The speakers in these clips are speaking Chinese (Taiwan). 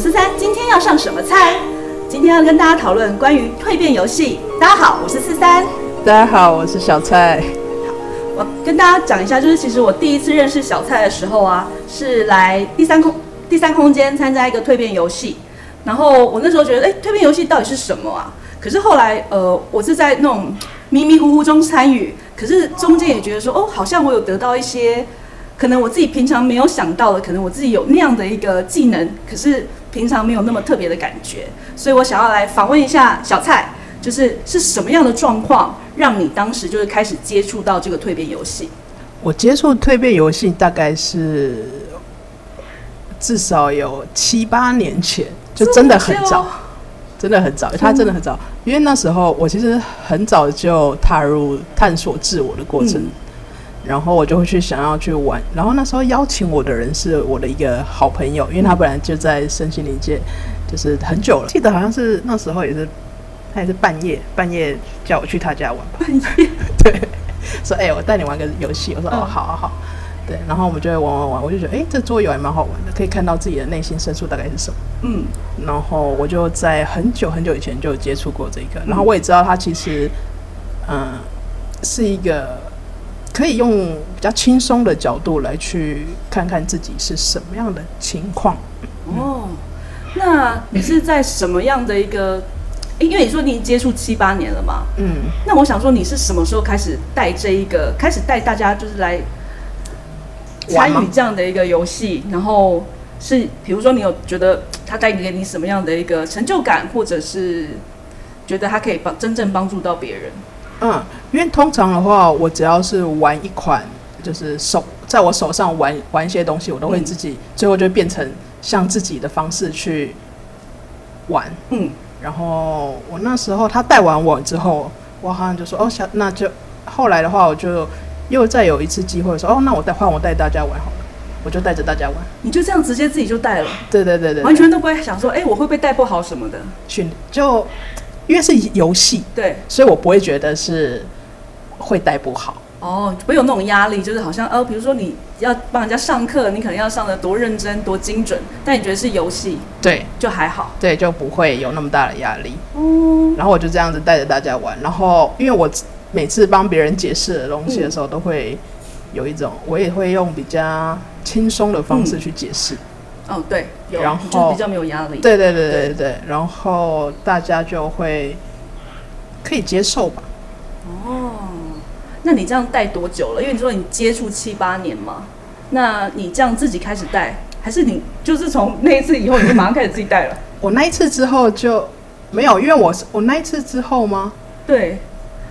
四三，今天要上什麼蔡？今天要跟大家討論關於蛻變遊戲。大家好，我是四三。大家好，我是小蔡。我跟大家講一下，就是其實我第一次認識小蔡的時候啊，是來第三空第三空間參加一個蛻變遊戲。然後我那時候覺得，誒、欸，蛻變遊戲到底是什麼啊？可是後來，呃，我是在那種迷迷糊糊中參與，可是中間也覺得說，哦，好像我有得到一些。可能我自己平常沒有想到的，可能我自己有那樣的一個技能，可是平常沒有那麼特別的感覺，所以我想要來訪問一下小蔡，就是是什麼樣的狀況讓你當時就是開始接觸到這個蛻變遊戲？我接觸蛻變遊戲大概是至少有七八年前，就真的很早，嗯嗯、真的很早，真的很早他，真的很早，因為那時候我其實很早就踏入探索自我的過程。嗯然後我就會去想要去玩，然後那時候邀請我的人是我的一個好朋友，因為他本來就在身心靈界，就是很久了，嗯。記得好像是那時候也是，他也是半夜半夜叫我去他家玩半夜 對，說哎，欸，我帶你玩個遊戲。我說哦，好，好，好，好，嗯。對，然後我們就會玩玩玩。我就覺得哎，欸，這桌遊還蠻好玩的，可以看到自己的內心深處大概是什麼。嗯，然後我就在很久很久以前就接觸過這一個，然後我也知道他其實嗯是一個。可以用比較輕鬆的角度來去看看自己是什麼樣的情況。嗯、哦，那你是在什麼樣的一個？欸、因為你說你已經接觸七八年了嘛，嗯。那我想說，你是什麼時候開始帶這一個，開始帶大家就是來參與這樣的一個遊戲？嗎然後是，比如說，你有覺得他帶給你什麼樣的一個成就感，或者是覺得他可以幫真正幫助到別人？嗯。因為通常的話，我只要是玩一款，就是手在我手上玩玩一些東西，我都會自己、嗯、最後就變成像自己的方式去玩。嗯，然後我那時候他帶完我之後，我好像就說哦，想那就後來的話，我就又再有一次機會說哦，那我帶換我帶大家玩好了，我就帶着大家玩。你就這樣直接自己就帶了？對，對對對對，完全都不會想說哎、欸，我會不會帶不好什麼的。就因為是遊戲，對，所以我不會覺得是。會帶不好哦，不會有那種壓力，就是好像哦，啊，比如說你要幫人家上課，你可能要上得多認真、多精準，但你覺得是遊戲，對，就還好，對，就不會有那麼大的壓力。嗯，然後我就這樣子帶着大家玩，然後因為我每次幫別人解釋的東西的時候，都會有一種，我也會用比較輕鬆的方式去解釋。嗯。哦，對，有，然後就比較沒有壓力。對，對對對對對，對，然後大家就會可以接受吧。哦。那你這樣帶多久了？因為你說你接觸七八年嘛，那你這樣自己開始帶，還是你就是從那一次以後你就馬上開始自己帶了？ 我那一次之後就沒有，因為我是我那一次之後嗎？對，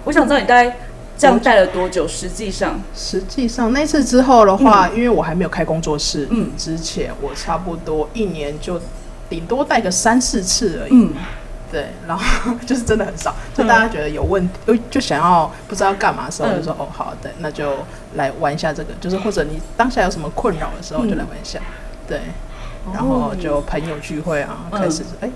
我想知道你大概這樣帶了多久？嗯、實際上，實際上那一次之後的話，嗯、因為我還沒有開工作室，嗯，之前我差不多一年就頂多帶個三四次而已。嗯對，然後就是真的很少，就大家覺得有問題，就、嗯呃、就想要不知道幹嘛的時候，就說、嗯、哦好，對，那就來玩一下這個，就是或者你當下有什麼困擾的時候，就來玩一下，嗯、對，然後就朋友聚會啊，嗯、開始哎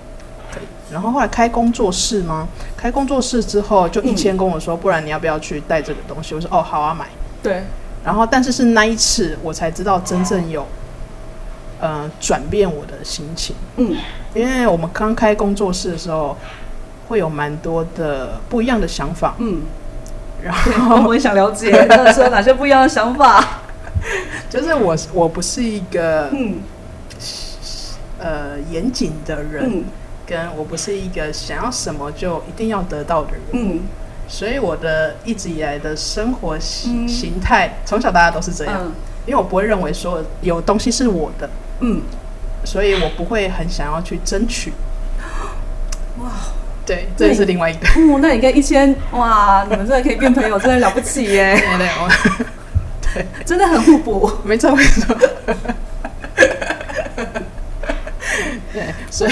可以，然後後來開工作室嗎？開工作室之後，就一千跟我說，嗯、不然你要不要去帶這個東西？我說哦好啊，買。對，然後但是是那一次我才知道真正有。嗯呃，轉變我的心情。嗯，因為我們剛開工作室的時候，會有蠻多的不一樣的想法。嗯，然後我也想了解，那是 哪些不一樣的想法。就是我我不是一個嗯，呃嚴謹的人，嗯、跟我不是一個想要什麼就一定要得到的人。嗯，所以我的一直以來的生活形、嗯、形態，從小大家都是這樣，嗯、因為我不會認為說有東西是我的。嗯，所以我不會很想要去爭取。哇，對，這是另外一個。哦、嗯，那你跟一千，哇，你們真的可以變朋友， 真的了不起耶！對對對，對，真的很互補， 沒錯沒錯。 對，所以，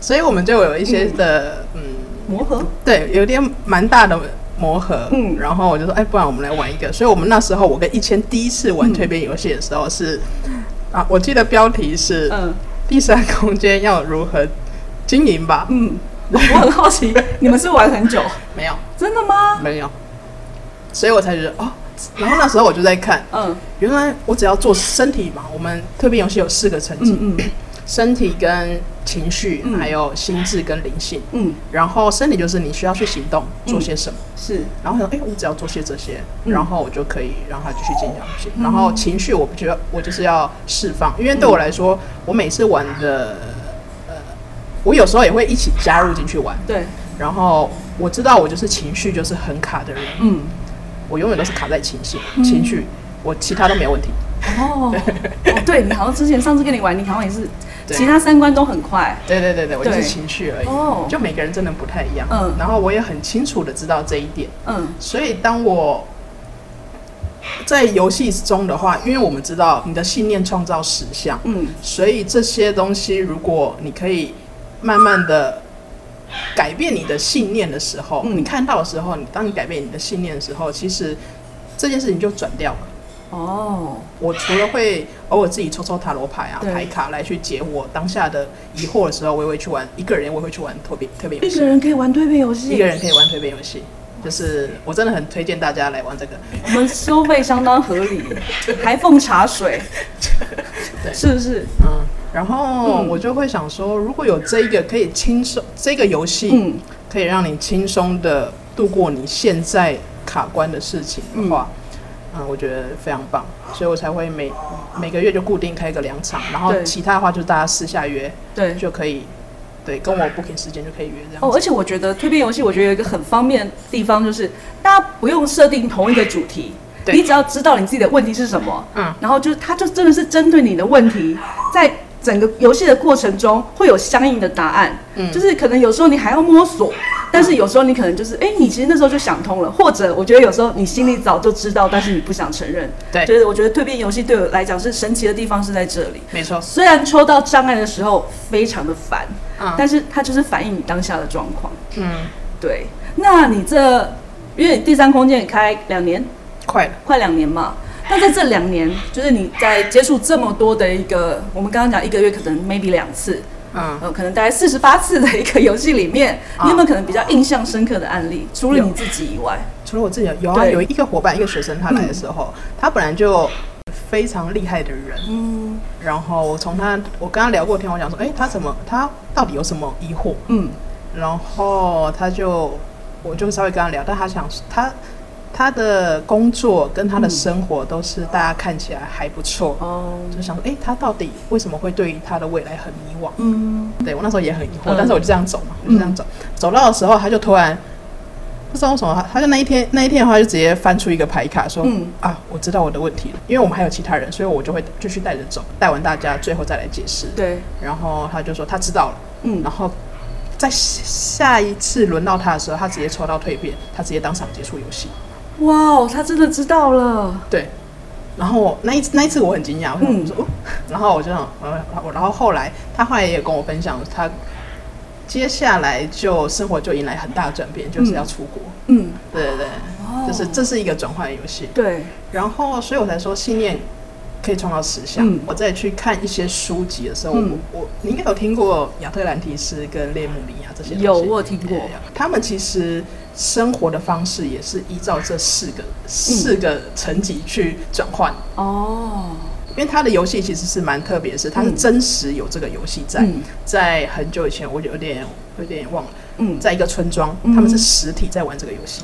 所以我們就有一些的嗯磨合，嗯，對，有點蠻大的磨合。嗯，然後我就說，哎，不然我們來玩一個。所以我們那時候，我跟一千第一次玩蛻變遊戲的時候是。嗯啊，我記得標題是“嗯，第三空間要如何經營吧。”嗯，我很好奇， 你們是玩很久沒有？真的嗎？沒有，所以我才覺得哦。然後那時候我就在看，嗯，原來我只要做身體嘛。我們蛻變遊戲有四個層次，嗯，嗯，身體跟情緒還有心智跟靈性，嗯，然後身體就是你需要去行動做些什麼，嗯、是，然後說哎，我只要做些這些，嗯、然後我就可以讓他繼續進行下去。哦嗯、然後情緒我，我不覺得我就是要釋放，因為對我來說，我每次玩的，嗯、呃，我有時候也會一起加入進去玩，對。然後我知道我就是情緒就是很卡的人，嗯，我永遠都是卡在情緒，嗯、情緒，我其他都沒有問題。哦， 對哦，對，你好像之前上次跟你玩， 你好像也是。對其他三觀都很快。對對對對，我就是情緒而已。對就每個人真的不太一樣。嗯、哦，然後我也很清楚的知道這一點。嗯，所以當我在遊戲中的話，因為我們知道你的信念創造實像。嗯，所以這些東西，如果你可以慢慢的改變你的信念的時候，嗯、你看到的時候，你當你改變你的信念的時候，其實這件事情就轉掉了。哦，oh. 我除了會偶爾自己抽抽塔羅牌啊、對牌卡來去解我當下的疑惑的時候，我也會去玩一個人，我也會去玩蛻變蛻變一個人可以玩蛻變遊戲，是一個人可以玩蛻變遊戲，就是我真的很推薦大家來玩這個。 我們收費相當合理，還奉 茶水， 對是不是？嗯。然後我就會想說，如果有這一個可以輕鬆，這個遊戲，可以讓你輕鬆的度過你現在卡關的事情的話。嗯嗯，我覺得非常棒，所以我才會每每個月就固定開個兩場，然後其他的話就大家私下約，對，就可以，對，跟我 booking 時間就可以約這樣。哦，而且我覺得蛻變遊戲，我覺得有一個很方便的地方就是，大家不用設定同一個主題，對你只要知道你自己的問題是什麼，嗯，然後就是它就真的是針對你的問題，在整個遊戲的過程中會有相應的答案，嗯，就是可能有時候你還要摸索。但是有時候你可能就是，哎、欸，你其實那時候就想通了，或者我覺得有時候你心裡早就知道，但是你不想承認。對，就是我覺得蛻變遊戲對我來講是神奇的地方是在這裡。沒錯錯，雖然抽到障礙的時候非常的煩，啊、嗯，但是它就是反映你當下的狀況。嗯，對。那你這，因為你第三空間也開兩年，快了快兩年嘛。那在這兩年，就是你在接觸這麼多的一個，嗯、我們剛剛講一個月可能 maybe 兩次。嗯、呃，可能大概四十八次的一個遊戲裡面，你有沒有可能比較印象深刻的案例？啊、除了你自己以外，除了我自己有，有啊，有一個夥伴，對一個學生，他來的時候，嗯、他本來就非常厲害的人，嗯，然後從他，我跟他聊過天，我講說，哎、欸，他怎麼，他到底有什麼疑惑？嗯，然後他就，我就稍微跟他聊，但他想他。他的工作跟他的生活都是大家看起來還不錯，嗯、就想說，哎、欸，他到底為什麼會對於他的未來很迷惘？嗯，對，我那時候也很疑惑，嗯、但是我就這樣走嘛，我就這樣走，嗯、走到的時候他就突然不知道為什麼，他就那一天那一天的話就直接翻出一個牌卡說，嗯啊，我知道我的問題了，因為我們還有其他人，所以我就會繼續帶着走，帶完大家最後再來解釋。對，然後他就說他知道了，嗯，然後在下一次輪到他的時候，他直接抽到蛻變，他直接當場結束遊戲。哇哦，wow, 他真的知道了。對，然後那一那一次我很驚訝，嗯，我就說、哦，然後我就呃，然後後來他後來也跟我分享，他接下來就生活就迎來很大的轉變，就是要出國。嗯，對對對，哦、就是這是一個轉換遊戲。對，然後所以我才說信念可以創造實相。嗯、我再去看一些書籍的時候，嗯、我我你應該有聽過亞特蘭提斯跟列姆尼亞這些。有，我有聽過、欸。他們其實生活的方式也是依照這四個、嗯、四個層級去轉換。哦、嗯。因為他的遊戲其實是蠻特別，是他是真實有這個遊戲在。嗯、在很久以前，我有點有點忘了。嗯，在一個村莊，他們是實體在玩這個遊戲。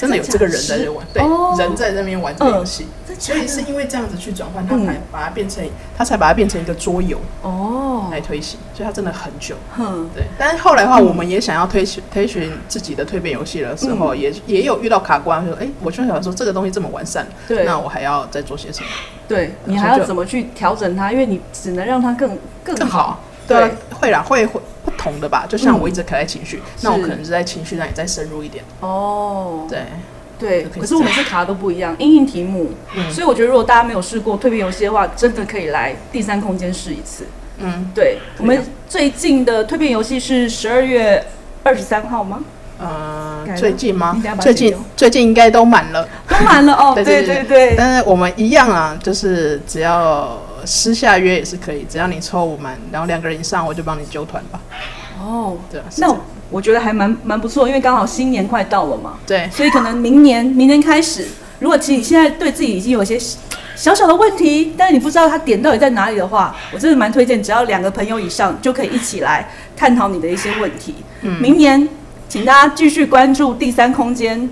真的有這個人在這玩，對，人在那邊玩這個遊戲，所以是因為這樣子去轉換，它才把它變成，它才把它變成一個桌遊哦來推行，所以它真的很久。嗯，對。但是後來的話，我們也想要推推尋自己的蛻變遊戲的時候，也也有遇到卡關，就說，哎，我就想說這個東西這麼完善，對，那我還要再做些什麼？對，你還要怎麼去調整它？因為你只能讓它更更好，對，會啦會會。同的吧，就像我一直卡在情緒，那我可能是在情緒上也再深入一點。哦，對對，可是我們每次卡都不一樣，因應題目，所以我覺得如果大家沒有試過蛻變遊戲的話，真的可以來第三空間試一次。嗯，對，我們最近的蛻變遊戲是十二月二十三號嗎？呃，最近嗎？最近最近應該都滿了，都滿了哦。對對對，但是我們一樣啊，就是只要。私下約也是可以，只要你湊我們，然後兩個人以上，我就幫你揪團吧。哦，oh, 對，那我覺得還蠻蠻不錯，因為剛好新年快到了嘛。對。所以可能明年明年開始，如果其實你現在對自己已經有些小小的問題，但是你不知道它點到底在哪裡的話，我真的蠻推薦，只要兩個朋友以上就可以一起來探討你的一些問題。嗯。明年請大家繼續關注第三空間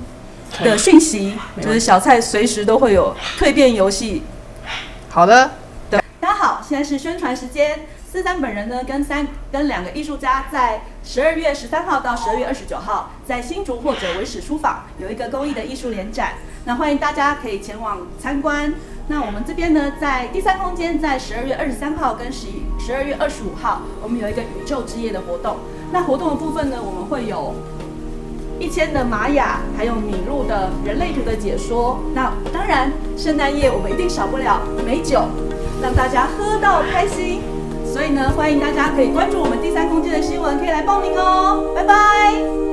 的訊息，嗯、就是小蔡隨時都會有蛻變遊戲。好的。現在是宣傳時間。四三本人呢，跟三跟兩個藝術家在十二月十三號到十二月二十九號，在新竹或者文史書房有一個公益的藝術聯展，那歡迎大家可以前往參觀。那我們這邊呢，在第三空間在十二月二十三號跟十一十二月二十五號，我們有一個宇宙之夜的活動。那活動的部分呢，我們會有一千的瑪雅，還有米露的人類圖的解說。那當然，聖誕夜我們一定少不了美酒。讓大家喝到開心，所以呢，歡迎大家可以關注我們第三空間的新聞，可以來報名哦。拜拜。